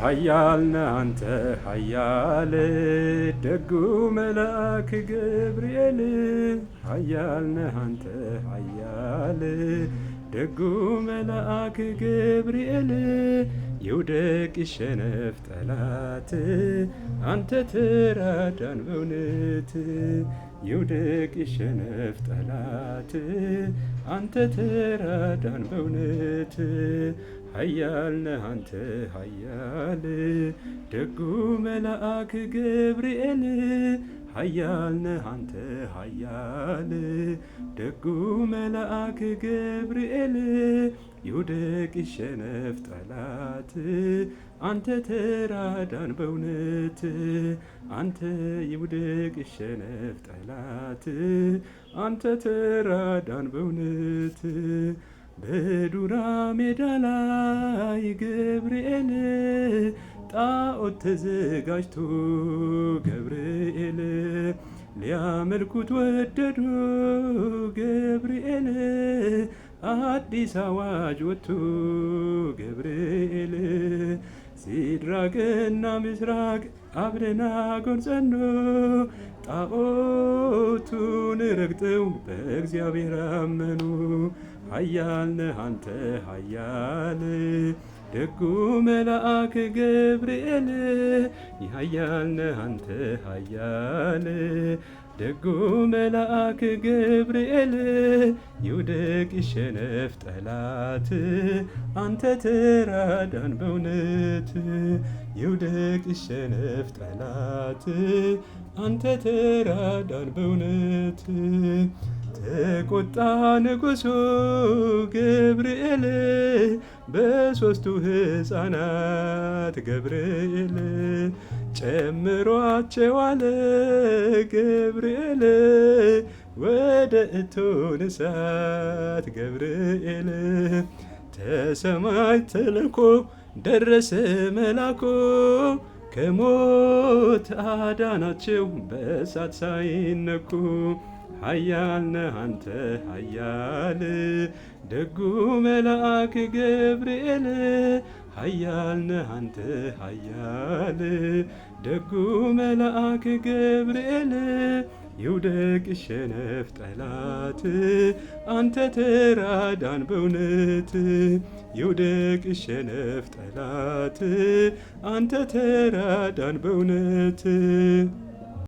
ኃያል ነህ አንተ ኃያል ደጉ መልአክ ገብርኤል ኃያል ነህ አንተ ኃያል ደጉ መልአክ ገብርኤል ይውደቅ ይሸነፍ ጠላት፣ አንተ ትራዳን በእውነት። ይውደቅ ይሸነፍ ጠላት፣ አንተ ትራዳን በእውነት። ኃያል ነህ አንተ ኃያል ደጉ መልአክ ገብርኤል ኃያል ነህ አንተ ኃያል ደጉ መልአክ ገብርኤል ይውደቅ ይሸነፍ ጠላት፣ አንተ ተራዳን በእውነት አንተ ይውደቅ ይሸነፍ ጠላት፣ አንተ ተራዳን በእውነት በዱራ ሜዳ ላይ ገብርኤል ጣዖት ተዘጋጅቶ ገብርኤል ሊያመልኩት ወደዱ ገብርኤል አዲስ አዋጅ ወጥቶ ገብርኤል ሲድራቅና ምስራቅ አብደና ጎንጸኖ ጣዖቱን ረግጠው በእግዚአብሔር አመኑ። ሀያል አንተ ሀያል ደጉ መልአክ ገብርኤል ኃያል አንተ ሀያል ደጉ መልአክ ገብርኤል ይውደቅ ይሸነፍ ጠላት፣ አንተ ተራዳን በእውነት ይውደቅ ይሸነፍ ጠላት፣ አንተ ተራዳን በእውነት። ተቆጣ ንጉሱ ገብርኤል በሦስቱ ሕፃናት ገብርኤል ጨምሯቸዋል። ገብርኤል ወደ እቶነ እሳት ገብርኤል ተሰማይ ተልኮ ደረሰ መላኩ ከሞት አዳናቸው በእሳት ሳይነኩ ኃያል ነህ አንተ ኃያል ደጉ መልአክ ገብርኤል ኃያል ነህ አንተ ኃያል ደጉ መልአክ ገብርኤል ይውደቅ ይሸነፍ ጠላት አንተ ተራዳን በእውነት ይውደቅ ይሸነፍ ጠላት አንተ ተራዳን በእውነት